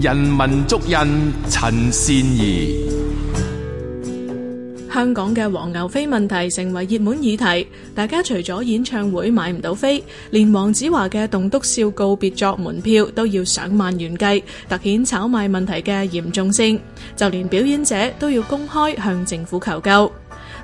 人文足印陳善宜，香港嘅黃牛飛問題成為熱門議題。大家除咗演唱會買唔到飛，連黃子華嘅《棟篤笑告別作》門票都要上萬元計，凸顯炒賣問題嘅嚴重性。就連表演者都要公開向政府求救。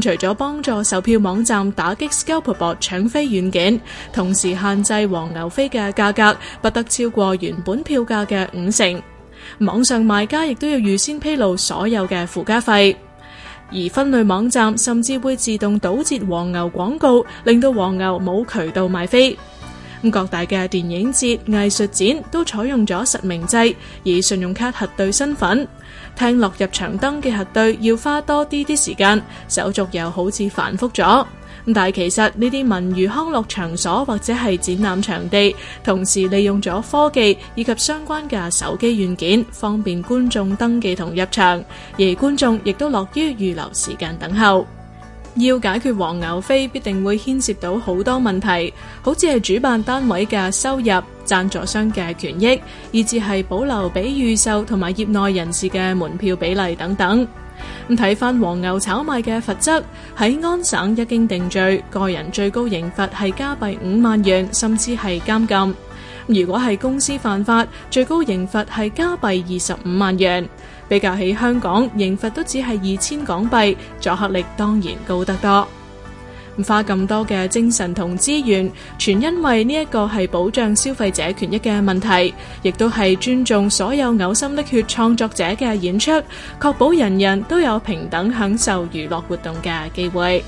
除咗幫助售票網站打擊 scalper bot 搶飛軟件，同時限制黃牛飛嘅價格不得超過原本票價嘅五成，網上賣家亦都要預先披露所有嘅附加費，而分類網站甚至會自動堵截黃牛廣告，令到黃牛冇渠道賣飛。咁各大嘅電影節、藝術展都採用咗實名制，以信用卡核對身份。聽落入場登記核對要花多啲啲時間，手續又好似繁複咗。咁但係其實呢啲文娛康樂場所或者係展覽場地，同時利用咗科技以及相關嘅手機軟件，方便觀眾登記同入場，而觀眾亦都樂於預留時間等候。要解決黃牛飛必定會牽涉到好多問題，好似係主辦單位嘅收入、贊助商嘅權益，以至係保留俾預售同埋業內人士嘅門票比例等等。咁睇翻黃牛炒賣嘅罰則，喺安省一經定罪，個人最高刑罰係加幣五萬元，甚至係監禁。如果係公司犯法，最高刑罰係加幣二十五萬元。比較起香港，刑罰都只係二千港幣，阻吓力當然高得多。花咁多嘅精神同資源，全因為呢一個係保障消費者權益嘅問題，亦都係尊重所有嘔心瀝血創作者嘅演出，確保人人都有平等享受娛樂活動嘅機會。